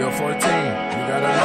You're 14, you gotta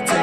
14.